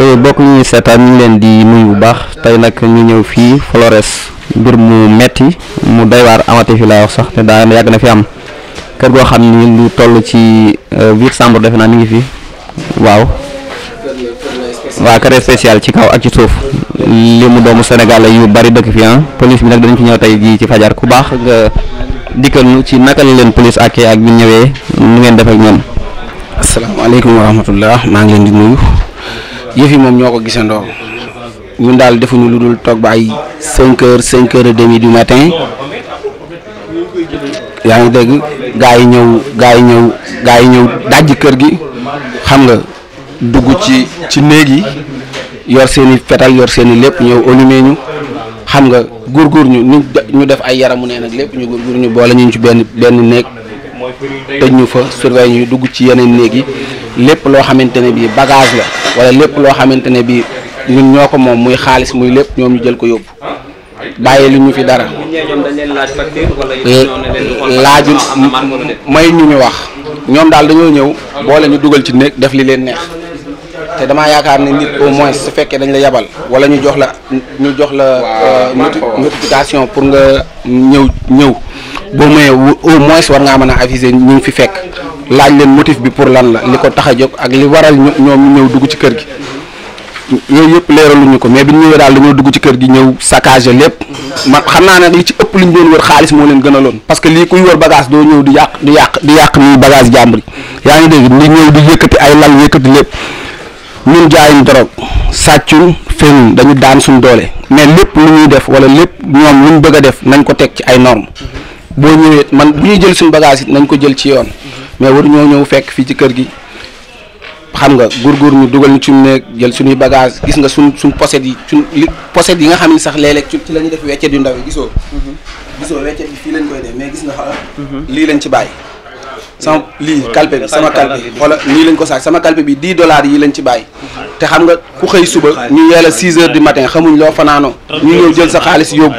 Eh, bokk ñuy seetaan ñu leen di nuyu bu baax tey nag ñu ñëw fii Flores mbir mu metti mu day waar amati fi laa wax sax te daa yàgg na fi am kër goo xam ni lu toll ci euh, huit chambre defe naa mi ngi fi waaw waaw kër spécial ci kaw ak ci suuf li mu doomu Sénégal yu bari dëkk fi ah police bi nag dañ fi ñëw tey jii ci fajar ku baax nga dikkal ñu ci naka la leen police ak ak bi ñëwee mu ngeen def ak ñoom. asalaamaaleykum wa yëf yi moom ñoo ko gisandoo ñun daal defuñu lu dul toog ba ay cinq heures cinq heures demi du matin yaa ngi dégg gaa yi ñëw gaa yi ñëw gaa kër gi xam nga dugg ci ci néeg yi yor seeni i fetal yor seen lépp ñëw allumé ñu xam nga góorgóor ñu ñu ñu def ay yaramu neen ak lépp ñu góorgóor ñu boole ñu ci benn benn néeg tëj ñu fa surveille ñu dugg ci yeneen néeg yi lépp loo xamante ne bii bagage la wala lépp loo xamante ne bii ñun ñoo ko moom muy xaalis muy lépp ñoom ñu jël ko yóbbu bàyyi lu ñu fi dara. laajul may ñu ñu wax. ñoom daal dañoo ñëw boole ñu dugal ci néeg def li leen neex te damaa yaakaar ne nit au moins su fekkee dañ la yabal wala ñu jox la ñu jox la euh, notification pour nga ñëw ñëw boo mayee au moins war ngaa mën a aviser ñu fi fekk. laaj leen motif bi pour lan la li ko tax a jóg ak li waral ñoom dugg ci kër gi yooyu yëpp leeraluñu ko mais bi ñu ñëwee daal dañoo dugg ci kër gi ñëw saccagé lépp man xam naa ne li ci ëpp li ñu doon wër xaalis moo leen gënaloon parce que lii kuy wër bagage doo ñëw di yàq di yàq di yàq nii bagage jàmbur yaa ngi dégg di ñëw di yëkkati ay lal yëkkati lépp ñun jaayuñ dorog sàccun feeñuñ dañu daan suñ doole mais lépp lu ñuy def wala lépp ñoom lu ñu bëgg a def nañ ko teg ci ay normes boo ñëwee man bu ñuy jël suñ bagage nañ ko jël ci yoon mais waru ñoo ñëw fekk fii ci kër gi xam nga góorgóor ñu dugal ñu ci néeg jël suñuy bagage gis nga suñ suñ pochette yi suñ li pochette yi nga xam ne sax léeg-léeg ci la def weccet yu ndaw yi gisoo mhm. fii lañ koy mais gis nga xala mhm. lii lañ ci bàyyi sama lii kalpe bi sama kalpe bi xoola nii lañ ko sax sama kalpe bi 10 yi lañ ci bàyyi mhm. te xam nga ku xëy suba ñu yee la 6 du matin xamuñ loo fanaanoo ñu ñëw jël sa xaalis yóbbu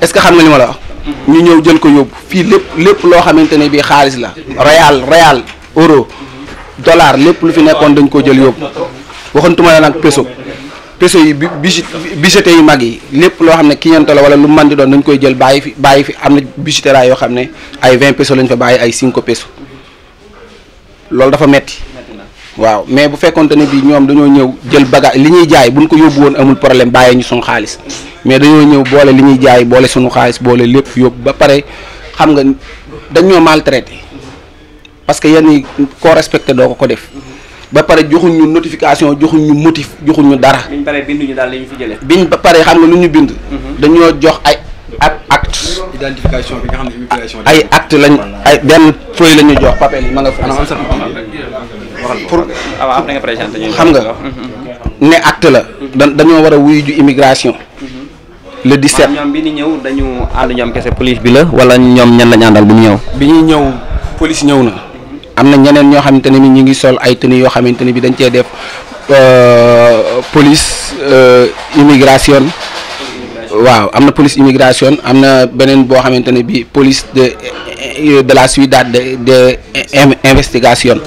est-ce que xam nga li ma la wax ñu ñëw jël ko yóbbu fii lépp lépp loo xamante ne bii xaalis la réal réal euro dollar lépp lu fi nekkoon dañ ko jël yóbbu waxantuma la nag peso peso yi bi bijouterie yi mag yi lépp loo xam ne clientèle la wala lu man di doon dañ koy jël bàyyi fi bàyyi fi am na bijouterie yoo xam ne ay 20 peso lañ fa bàyyi ay 5 peso loolu dafa metti waaw mais bu fekkonte ne bii ñoom dañoo ñëw jël bagage li ñuy jaay buñ ko yóbbu woon amul problème bàyyee ñu suñu xaalis mais dañoo ñëw boole li ñuy jaay boole suñu xaalis boole lépp yóbbu ba pare xam nga dañ ñoo maltraité parce que yenn yi koo doo ko ko def ba pare joxuñ ñu notification joxuñ ñu motif joxuñ ñu dara. biñ paree bind ñu daal li ñu fi jëlee. biñ ba pare xam nga lu ñu bind. Mhm. dañoo jox ay ak identification bi nga xam ne ay acte lañ ay benn feuille la ñu jox papier yi ma nga fa. pour ah, xam nga ne acte la da dañoo war a wuy ju immigration mhm. le 17 ñoom bi ñu ñëw dañu ànd ñoom kese police bi la wala ñoom ñan lañu àndal bi ñu ñëw bi ñuy ñëw police ñëw na am na ñeneen ñoo xamante ne bi ñu ngi sol ay tenue yoo xamante ne bi dañ cee def euh, police euh, immigration waaw am na police immigration am na beneen boo xamante ne bii police de de la suite de de investigation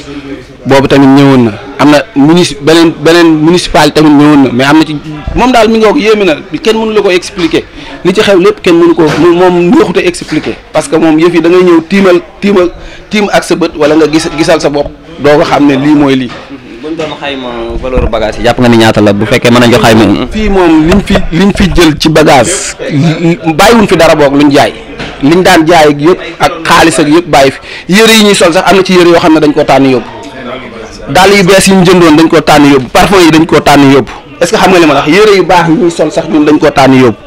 boobu tamit ñëwoon na am na munici beneen beneen municipal tamit ñëwoon na mais am na ci moom daal mi ngi ko yéeme na kenn mënu la ko expliquer li ci xew lépp kenn mënu ko moom neexut a expliquer parce que moom yëf yi dangay ñëw tiimal tiimal tiim ak sa bët wala nga gis gisal sa bopp doo ko xam ne lii mooy lii. bu ñu doon xayma valeur bagage yi jàpp nga ni ñaata bu fekkee mën nañ ko xayma. fii moom liñ fi liñ fi jël ci bagage bàyyiwuñ fi dara boog luñ jaay liñ daan jaay ak yëpp ak xaalis ak yëpp bàyyi fi yére yi ñuy sol sax am na ci yére yoo xam ne dañ koo tànn yóbbu dàll yu bees yi ñu jëndoon dañ koo tànn yóbbu parfum yi dañ koo tànn yóbbu est-ce xam nga li ma wax yére yu baax ñuy sol sax ñun dañ koo tànni yóbbu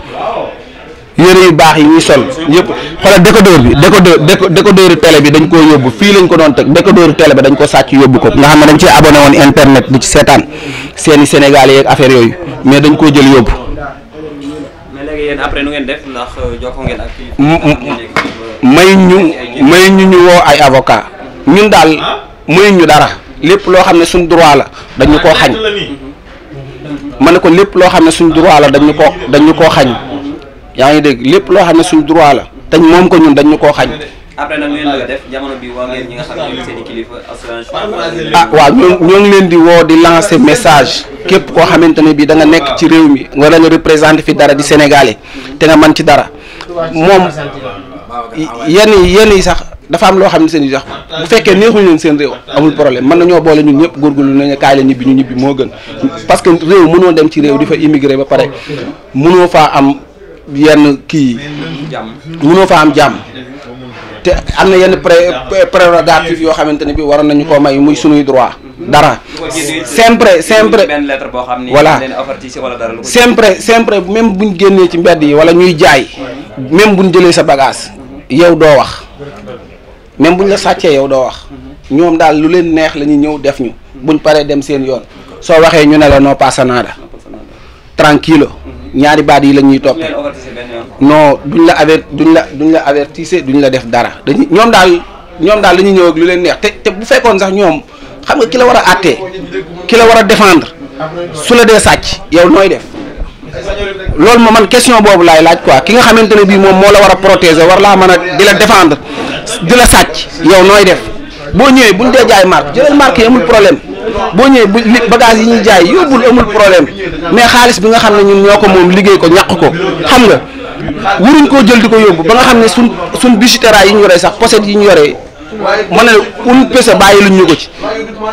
yére yu baax yi ñuy sol yëpp xoolal décodeur bi décodeur décodeur télé bi dañ koo yóbbu fii lañ ko doon teg décodeur télé bi dañ ko sàcc yóbbu ko nga xam ne dañ ci abonné woon internet di ci seetaan seeni Sénégal affaire yooyu mais dañ koo jël yóbbu. mais léegi après nu ngeen def ndax euh, jokkoo ngeen ak may ñu may ñu ñu woo ay avocat ñun daal may dara lépp loo xam ne suñ droit la dañu koo xañ ah, ma ne ko lépp loo xam ne suñ droit la dañu ko dañu koo xañ yaa ngi dégg lépp loo xam ne suñu droit la tañ moom ko ñun dañu ñu koo xañ après nag ngeen i kilifa ah waaw ah, ñoo ngi leen di woo di lancer message képp koo xamante ne bii da nga nekk ci réew mi wala nga représenté fi dara di sénégalais te nga man ci dara moom yenn yi yenn yi sax dafa am loo xam ne seen i sax bu fekkee neexuñu leen seen réew amul problème na nañoo boole ñun ñëpp góorgóorlu nañu kaay la ñibbi ñu ñibbi moo gën parce que réew mënoo dem ci réew di fa immigré ba pare mënoo yenn kii mënoo fa am jàmm te am na yenn pré prérogative yoo xamante ne bi waroon nañu koo may muy sunuy droit dara sempre sempre voilà sempre sempre bu buñ génnee ci mbedd yi wala ñuy jaay même buñ jëlee sa bagage yow doo wax même buñ la sàccee yow doo wax ñoom daal lu leen neex la ñuy ñëw def ñu buñ paree dem seen yoon soo waxee ñu ne la noo passa nada tranquilo ñaari baat yi la ñuy toppee non duñ la aver duñ la duñ la avertise duñ la def dara dañu ñoom daal ñoom daal dañuy ñëw ak lu leen neex te te bu fekkoon sax ñoom xam nga ki la war a àttee ki la war a defendre su la dee sàcc yow nooy def loolu ma man question boobu laay laaj quoi ki nga xamante ne bii moom moo la war a protéger war laa mën a di la défendre di la sàcc yow nooy def boo ñëwee buñ dee jaay marque jëlal marque yi amul problème boo ñëwee bu li bagage yi ñu jaay yóbbul amul problème mais xaalis bi nga xam ne ñun ñoo ko moom liggéey ko ñàq ko xam nga wuruñ koo jël di ko yóbbu ba nga xam ne suñ suñ bijouterie yi ñu yoree sax pochette yi ñu yoree ma ne un pesa bàyyi luñ ñu ko ci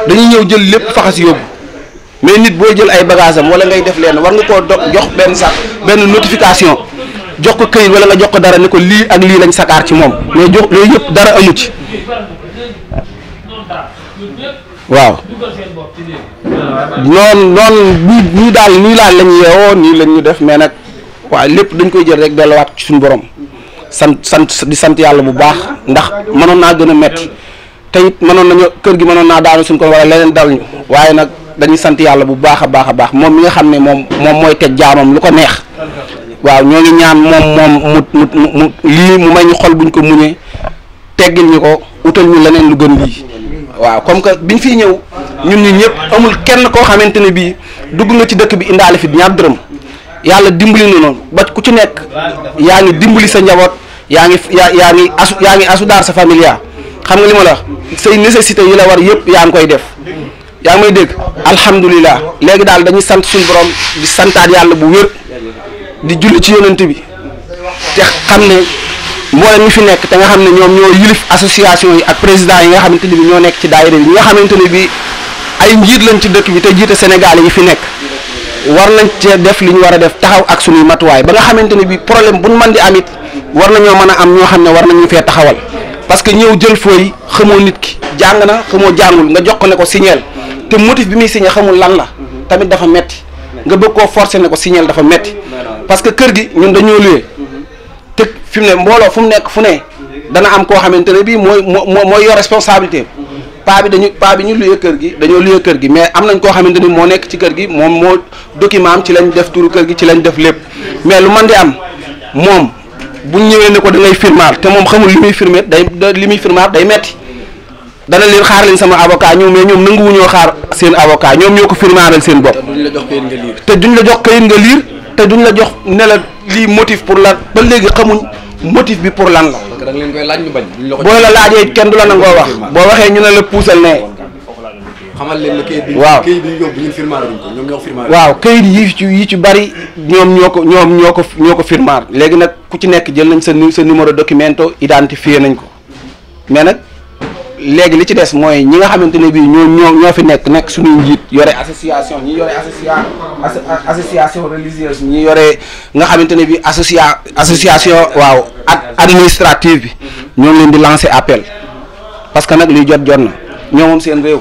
dañuy ñëw jël lépp si yóbbu mais nit booy jël ay bagage am wala ngay def leen war nga koo do jox benn sax benn notification jox ko këyit wala nga jox ko dara ni ko lii ak lii lañ sakaar ci moom mais jox yooyu yëpp dara amu ci waaw noonu noonu nii nii daal nii laa la ñu yeewoo nii la ñu def mais nag waaye lépp dañ koy jël rek delluwaat ci suñu borom sant sant di sant yàlla bu baax ndax mënoon naa gën a metti te it mënoon nañu kër gi mënoon naa daanu suñ ko wala leneen dal ñu waaye nag dañuy sant yàlla bu baax a baax a baax moom mi nga xam ne moom moom mooy teg jaamam lu ko neex waaw ñoo ñaan moom moom mu mu mu lii mu may ñu xol buñ ko muñee teggil ñu ko wutal ñu leneen lu gën lii waaw comme que ñu fiy ñëw ñun ñi ñëpp amul kenn koo xamante ne bii dugg nga ci dëkk bi indaale fi ñaar dërëm yàlla dimbali na noonu ba ku ci nekk yaa ngi dimbali sa njaboot yaa ngi yaa yaa ngi asu yaa ngi asudaar sa familia xam nga li ma la wax say nécessité yi la war yëpp yaa ngi koy def yaa ngi may dégg alhamdulilah léegi daal dañuy sant suñu borom di santaat yàlla bu wér di julli ci yonent bi te xam ne mboolem mi fi nekk te nga xam ne ñoom ñoo yilif association yi ak président yi nga xamante ni bi ñoo nekk ci daayira bi ñi nga xamante ne bi ay njiit lañ ci dëkk bi te jiite Sénégal yi fi nekk war nañ cee def li ñu war a def taxaw ak suñuy matuwaay ba nga xamante ni bi problème bu man di am it war na ñoo mën a am ñoo xam ne war nañu fee taxawal parce que ñëw jël fooy xamoo nit ki jàng na xamoo jàngul nga jox ko ne ko signeel te motif bi muy signé xamul lan la tamit dafa metti nga bëgg koo forcer ne ko signeel dafa metti parce que kër gi ñun dañoo luye te fi ne mbooloo fu mu nekk fu ne dana am koo xamante ne bii mooy moo mooy yor responsabilité paa bi dañu paa bi ñu luye kër gi dañoo luye kër gi mais am nañ koo xamante ni moo nekk ci kër gi moom moo document am ci lañ def turu kër gi ci lañ def lépp mais lu man di am moom bu ñëwee ne ko da ngay firmaal te moom xamul li muy firmé day li muy firmaal day metti dana leen xaar leen sama avocat ñoom mais ñoom nanguwuñoo xaar seen ñoom ñoo ko firmaalal seen bopp te duñ la jox kayit nga liir te duñ la jox ne la lii motif pour lan ba léegi xamuñ motif bi pour lan la. parce que leen koy laaj ñu bañ. boo la laajee kenn du la nangoo wax. boo waxee ñu ne la puusal ne. xamal leen ne kayit bi. waaw kayit bi ñu waaw kayit yi ci yi ci bari ñoom ñoo ko ñoom ñoo ko ñoo ko firmaar léegi nag ku ci nekk jël nañ sa sa numéro documento identifié nañ ko mais nag. léegi li ci des mooy ñi nga xamante ne bii ñoo ñoo ñoo fi nekk nekk suñuy njiit yore association ñi yore associa association religieuse ñi yore nga xamante ne bii associa association waaw administrative bi ñoo ngi leen di lancer appel parce que nag liy jot jot na ñoo moom seen réew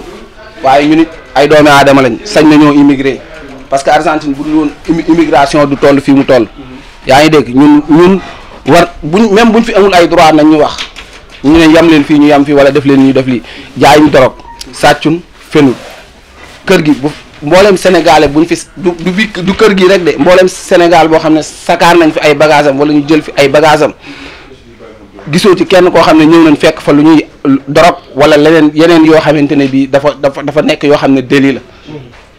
waaye ñu nit ay doomi aadama lañ sañ nañoo immigré parce que Argentine bu dul woon immigration du toll fii mu toll yaa ngi dégg ñun ñun war buñ même buñ fi amul ay droit nañ ñu wax ñu ne yam leen fii ñu yam fii wala def leen ñu def lii jaayuñ dorog sàccun fenul kër gi bu mboolem bu buñ fi du du du kër gi rek de mbooleem sénégal boo xam ne sakaar nañ fi ay bagage am wala ñu jël fi ay bagage gisoo ci kenn koo xam ne ñëw nañ fekk fa lu ñuy dorog wala leneen yeneen yoo xamante ne bii dafa dafa dafa nekk yoo xam ne déli la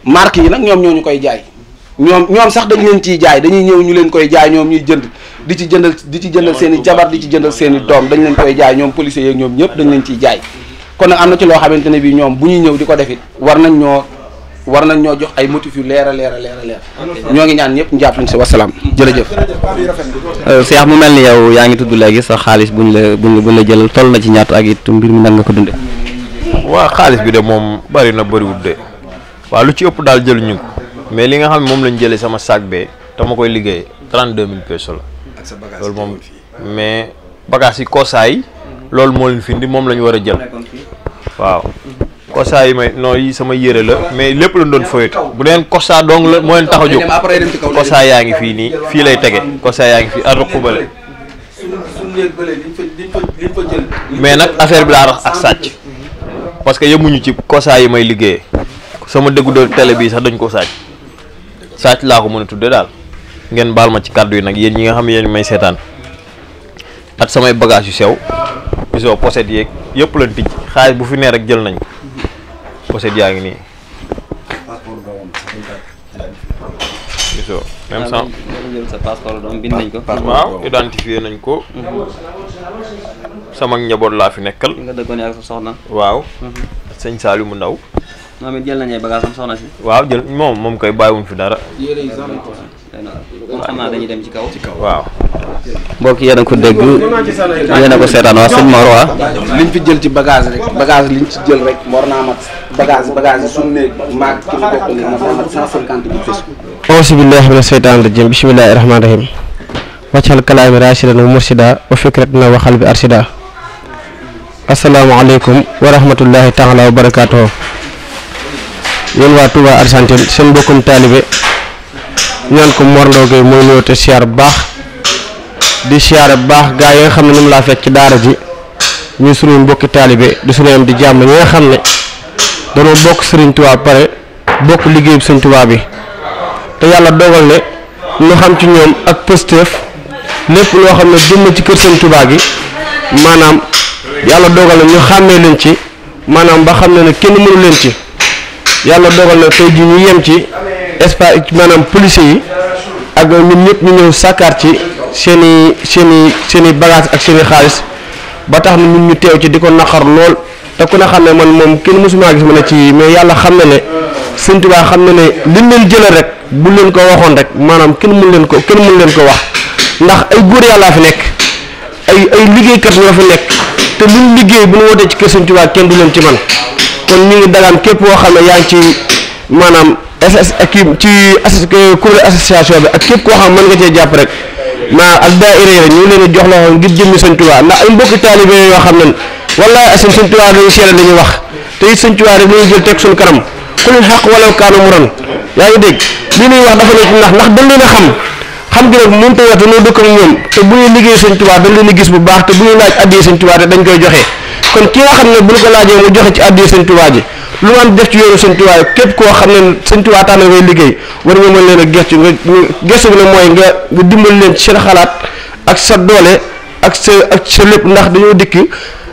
marque yi nag ñoom ñoo ñu koy jaay ñoom ñoom sax dañ leen ciy jaay dañuy ñëw ñu leen koy jaay ñoom ñuy jënd di ci jëndal di ci jëndal seen i jabar di ci jëndal seen i doom dañu leen koy jaay ñoom policiers yeeg ñoom ñëpp dañ jaay kon nag am na ci loo xamante ne bi ñoom bu ñuy ñëw di ko defit war nañ ñoo war nañ ñoo jox ay motifs yu leer a leer a leer ñoo ngi ñaan ñëpp njàpp ñu si wasalaam jërëjëf Cheikh mu mel ni yow yaa ngi tudd léegi sa xaalis buñ la buñ buñ la jëlal toll na ci ñaat ak it mbir mi nan nga ko dunde waa xaalis bi de moom bari na bariwul de waa lu ci ëpp daal jëluñu ko mais li nga xam moom lañu jëlee sama sac be te ma koy liggéey trente deux mille pesos la. sa bagage loolu moom mais bagaas yi kosaa loolu moo leen fi indi moom la ñu war a jël. waaw kosaa yi may non yi sama yére la mais lépp lañ doon foyatu bu deen kosaa dong la moo leen tax yaa ngi fii nii fii lay tege kosaa yaa ngi fii ar xubale mais nag affaire bi laa rax ak sàcc parce que yemuñu ci kosaa yi may liggéeyee sama déggu doon télé bii sax dañ ko sàcc. sàcc laa ko mën a tudde daal ngeen baal ma ci kàddu yi nag yéen ñi nga xam ne yéen may seetaan ak samay bagage yu sew yu sew pochette yeeg yëpp lañ tijj xaalis bu fi nee rek jël nañ ko pochette yaa ngi nii so même sans sa nañ ko waaw identifié nañ ko mhm. njaboot laa fi nekkal nga dëggoon ak sa soxna waaw mhm. sëñ Saliou mu ndaw moom it jël waaw jël moom koy bàyyiwuñ fi dara. yéen ay ko kon xam ci kaw. ci kaw waaw. mbokk ko dégg yéen a seetaan waa sëñ waa. liñ fi jël ci bagage rek bagage liñ ci jël rek war naa mat bagage bagage yi suñu ki mu bokk nii mat bismillaahi rahmaani rahiim. waccal kalaami raasidan wa mursida wa fikratina wa xalbi arsida. asalaamaaleykum wa rahmatullaahi taala wa barakaatuh. yéen waa Touba Argentine seen mbokkum taalibe ñaan ko Mor Ndao Gueye mooy nuyoo te siyaar bu baax di siyaare bu baax gaa yi nga xam ne ñoom laa fekk ci daara ji ñu suñu mbokki taalibe di suñu am di jàmm ñi nga xam ne dañoo bokk Serigne Touba pare bokk liggéeyub Serigne Touba bi te yàlla dogal ne ñu xam ci ñoom ak pësteef lépp loo xam ne jëm ci kër Serigne Touba gi maanaam yàlla dogal ne ñu xàmmee leen ci maanaam ba xam ne na kenn mënu leen ci. yàlla dogal na tey jii ñu yem ci espace maanaam policiers yi ak ñun ñëpp ñu ñëw sàkkaar ci seen i seen i seen i bagage ak seen xaalis ba tax na ñun ñu teew ci di ko naqar lool te ku ne xam ne man moom kenn mësumaa gis ma ne ci mais yàlla xam na ne Sëñ Tuubaa xam na ne liñ leen jëlee rek bu leen ko waxoon rek maanaam kenn mën leen ko kenn mën leen ko wax ndax ay góor yàllaa fi nekk ay ay liggéeykat ñoo fi nekk te luñ liggéey bu ñu wootee ci kër Sëñ Tuubaa kenn du leen ci man kon ñu ngi dagaan képp koo xam ne yaa ngi ci maanaam SS équipe ci kuréel association bi ak képp koo xam mën nga cee jàpp rek maa ak daayira yi ñu ngi di jox loxo ngir jëmmi sëñ Tuubaa ndax ay mbokki yoo xam ne wallaahi asim sëñ Tuubaa dañuy seere dañuy wax te it sëñ Tuubaa rek dañuy kanam ku wala kaanu mu ron yaa ngi dégg lii ñuy wax dafa nekk ndax ndax dañ leen xam xam gi nag mënut a wax dañoo dëkk ak ñoom te bu liggéey sëñ Tuubaa dañ leen gis bu baax te bu ñuy laaj addiya sëñ Tuubaa te dañ koy joxe kon ki nga xam ne bu ñu ko laajee ci àddiya sëñ Tuubaa ji lu mu am def ci yoonu sëñ koo xam ne sëñ Tuubaa tànn ngay liggéey war nga leen a gëstu nga gëstu bi mooy nga nga dimbal leen seen xalaat ak sa doole ak sa ak sa dañoo dikk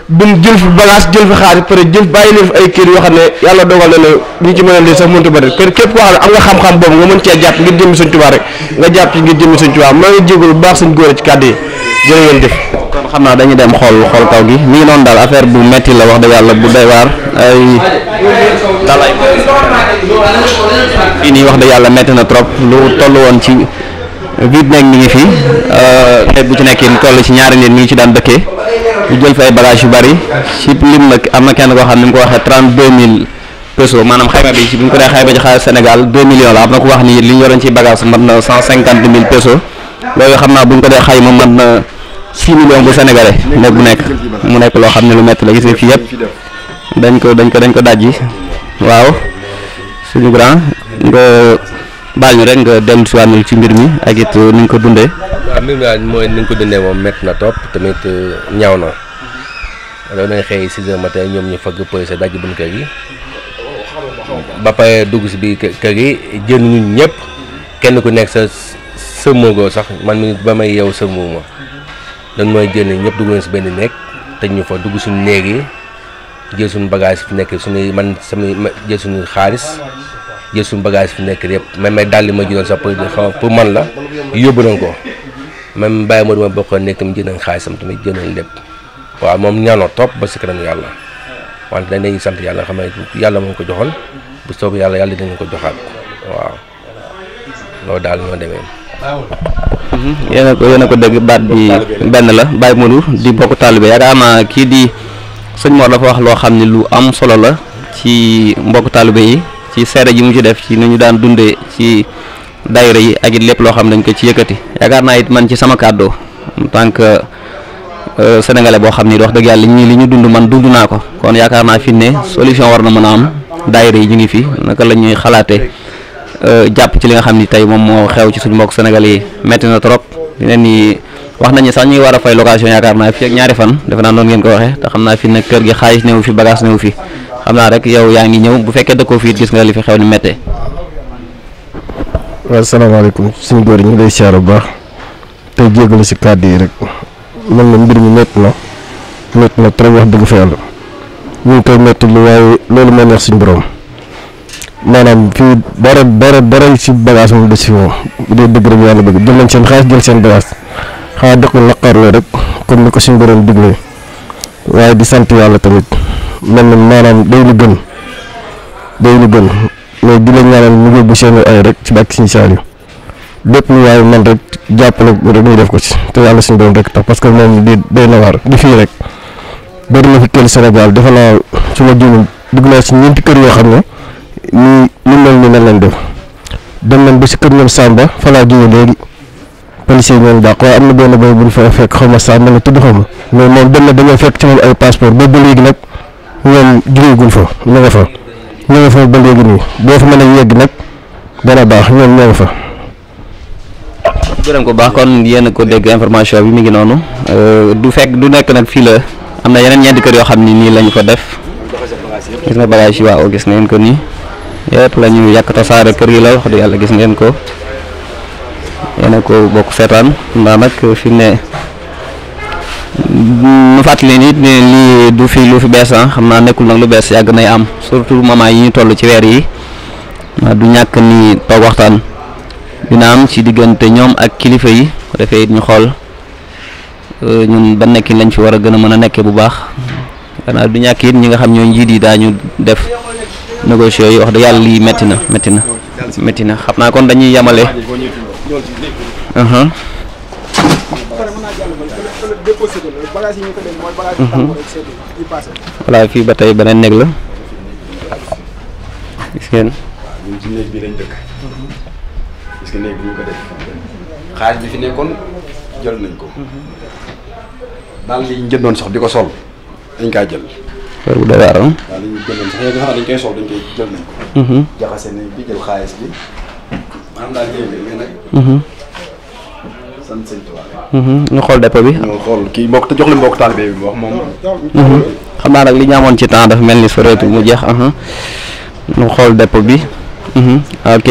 buñ jël fi bagage jël fi xaalis pare jël bàyyi leen ne yàlla dogal na ne ci mën a leen sax mëntu bari kon képp koo xam ne am nga xam-xam boobu nga mën cee jàpp ngir jëmmi sëñ Tuubaa rek nga jàpp ci ngir jëmmi sëñ Tuubaa maa ngi jégalu baax sëñ góor ci kàddu yi jërë ngeen xam naa dañuy dem xool xool kaw gi mi ngi noonu daal affaire bu la wax dëgg yàlla bu doy waar ay nii wax dëgg yàlla metti na trop lu toll woon ci vide nekk mi ngi fi xeet euh, bu ci nekk toll ci ñaari nit ñu ngi ci daan dëkkee ñu jël fi ay bagage yu bari ci lim nag am na kenn koo xam ni mu ko waxee trente deux mille peso maanaam xayma bi ci bi ko dee xayma ci xaalis Sénégal deux millions la am na ko wax ni li ñu yoroon ci bagage mat na cent cinquante mille peso loolu xam naa bu ñu ko dee xayma mat na six millions bu sénégalais nekk bu nekk mu nekk loo xam ne lu métti la gis nga fii yëpp dañ ko dañ ko dañ ko dajji waaw suñu grand nga baal ñu rek nga dellu si waat ci mbir mi ak it uh, ni nga ko dundee. waaw mbir mi ko dundee moom métti na topp tamit uh, ñaaw na loolu dañuy xëy 6 heures matin ñoom ñu fëgg police daj buñ kër gi ba dugg si biir kër gi jël ñun ñëpp kenn ku nekk sa sëmmoogoo sax man mi ba may yow sëmmoo ma. dañ mooy génn ñëpp dugg leen si benn néeg tëj ñu fa dugg suñu néeg yi jël suñu bagage fi nekk suñuy man samay jël suñu xaalis jël suñu bagage fi nekk yëpp même ay dàll yi ma jëloon sax pour pour man la yóbbu nañ ko même bàyyi ma dama bokkoon nekk tamit jël nañ xaalisam tamit jël nañ lépp waaw moom ñaanoo topp ba si kanam yàlla wante dañ lay sant yàlla xam yàlla moo ko joxoon bu soobee yàlla yàlla dinañ ko joxaat waaw loolu daal moo demee. Mhm. yéen a ko yéen a ko dégg baat bi benn la Baye Modou di bokk taalibe yaakaar naa kii di sëñ Mor dafa wax loo xam ne lu am solo la ci mbokk taalibe yi ci seere ji mu ci def ci nu ñu daan dundee ci daayira yi ak it lépp loo xam dañ ko ci yëkkati yaakaar naa it man ci sama kàddoo en tant que euh, sénégalais boo xam ni wax dëgg yàlla ñii li ñu dund man dund naa ko kon yaakaar naa fi solution war na mën a am daayira yi ñu ngi fi naka la ñuy xalaatee. Euh, jàpp ci li nga xam ni tey moom moo xew ci suñu mbokk Sénégal yi métti na trop di leen wax nañu sax ñu war a fay location yaakaar naa fi ak ñaari fan defe naa noonu ngeen ko waxee te xam naa fi ne kër gi xaalis néew fi bagage néew fi xam rek yow yaa ngi ñëw bu fekkee dëkkoo fii gis nga li fi xew ni méttee. waaw salaamaaleykum suñu ñu ngi lay bu baax tey jégalu si yi rek man la mbir mi métti na métti na wax dëgg fa yàlla ñu ngi koy métti waaye loolu moo neex suñu borom. maanaam fii dara dara dara ci bagage moom des fi moom bu dee dëgg rek yàlla bëgg jël nañ seen xaalis jël seen bagage xanaa dëkk naqarloo rek comme ni ko suñu borom diglee waaye di sant yàlla tamit mel na maanaam day lu gën day lu gën mais di la ñaanal mu yóbbu seen ay rek ci bàkki suñu saal yi lépp lu waaye man rek jàppale rek ñu def ko ci te yàlla suñu borom rek tax parce que moom di day nawaar di fii rek bari na fi teel senegal defe naa su ma juumee dugg naa si ñeenti kër yoo xam ne. nii lu mel ni nan lañ def dem nañ ba si kër ñoom Samba fa laa jógee léegi policier ñoom dàq waaye am na benn boy bu ñu fa fekk xaw ma Samba na tudd xaw ma mais moom dem na dañoo fekk ci moom ay passeport ba ba léegi nag fa ñu nga fa boo fa mën a yegg nag dana baax ñoom ñoo nga fa. gërëm ko baax kon yéen ko dégg information bi mi ngi euh, du fekk du nekk nag fii la am na yeneen ñeenti kër yoo xam ni nii lañu ko def gis nga bagage yi waaw gis ngeen ko nii. yëpp la ñuy yàq tasaare kër yi la wax di yàlla gis ngeen ko yéen ko bokk seetaan ndaa nag fi ne nu fàttali nit ne lii du fi lu fi bees ah, xam naa nekkul nag lu bees yàgg nay am surtout moment yi ñu toll ci weer yi ah, du ñàkk ni toog waxtaan dina am ci diggante ñoom ak kilifa yi defee it ñu xool euh, ñun ba nekkin lañ fi war a gën a mën a nekkee bu baax xanaa du ñàkk it ñi nga xam ñoo njiit yi daañu def négocier yi wax dëgg yàlla lii métti na métti na métti na xam naa kon dañuy yamale uh-huh. mm-hmm. voilà fii ba tey beneen néeg la gis ngeen. ñun bi lañ dëkk. fi nekkoon jël nañ ko. Mm-hmm. daal li ñu jëndoon sax di ko sol dañ kaa jël. affaire bu doy waar ah. waaw bi mm-hmm. jël xaalis bi maanaam mm-hmm. mm-hmm. ñu xool dépôt bi. ñu xool kii mbokk jox li mbokk taalibe bi wax moom. xam naa nag li ñu amoon ci temps dafa mel ni soreetu mu jeex ñu xool dépôt bi. ok.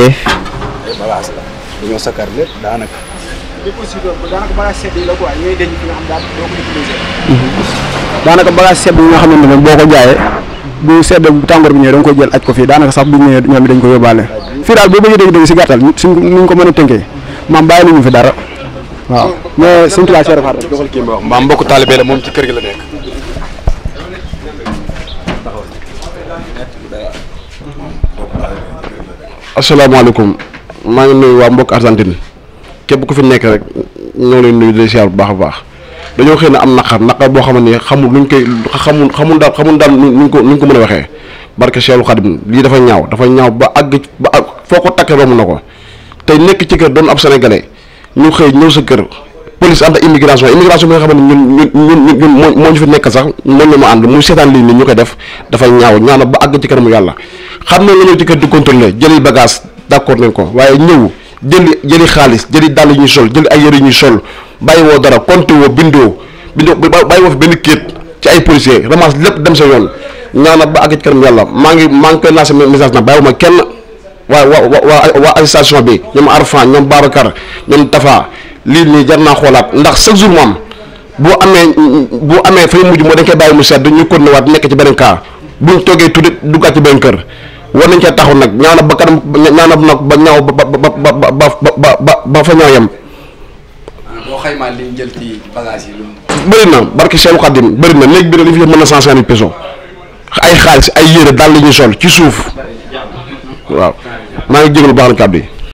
bépp aussi doon ba daanaka bagage sedd nga xam daal doo mhm. xamante ne boo ko jaayee bu sedd bu tàngoor bi ñëwee da nga koy jël aj ko fii daanaka sax bu ñëwee dañ ko yóbbaale. fii daal boo bëggee dégg-dégg si gàttal suñ ni ko mën a tënkee maam bàyyi nañu fi dara waaw mais suñ classe yi rafet doxal ma maam mbokk taalibe la moom ci kër gi la nekk. asalaamaaleykum maa ngi nuyu képp ko fi nekk rek ñoo leen nuyu di siyaar bu baax a baax dañoo xëy na am naqar naqar boo xam ne xamul luñ koy xamul xamul daal xamul daal nuñ ko nuñ ko mën a waxee barke Cheikhul Khadim lii dafa ñaaw dafa ñaaw ba àgg ba àgg foo ko takkee romb na ko tey nekk ci kër doon ab sénégalais ñu xëy ñëw sa kër police ànd ak immigration immigration bi nga xam ne ñun ñun ñun moo ñu fi nekk sax moom la ma ànd muy seetaan lii nii ñu koy def dafa ñaaw ñaana ba àgg ci kanamu yàlla xam ne nga ñëw ci kër di contrôler jëli bagage d'accord nañ ko waaye ñëw jëli jëli xaalis jëli dàll yu ñuy sol jëli ay yëri ñuy sol bàyyi woo dara compté woo bindoo bindoo bàyyi woo fi benn kéet ci ay policiers ramasse lépp dem sa yoon ñaana ba ak kanam yàlla maa ngi maa ngi koy sa message nag bàyyiwuma kenn waa waa waa waa association bi ñoom Arfan ñoom Babacar ñoom Tafa lii nii jar naa xoolaat ndax sa jour moom boo amee boo amee fay mujj moo dañ koy bàyyi mu sedd ñu continué waat nekk ci beneen cas buñ toogee tuuti duggaat ci beneen kër. war nañ cee taxaw nag ñaana ba kanam ñaana nag ba ñaaw ba ba ba ba ba ba ba ñaaw yem. boo xaymaa li ñu jël ci bagage yi. bëri na barki Cheikh Khadim bëri na néeg bi ne li fi mën na cent cinquante mille peso ay xaalis ay yére daal la ñuy sol ci suuf waaw maa ngi jégalu baax na kàddu yi.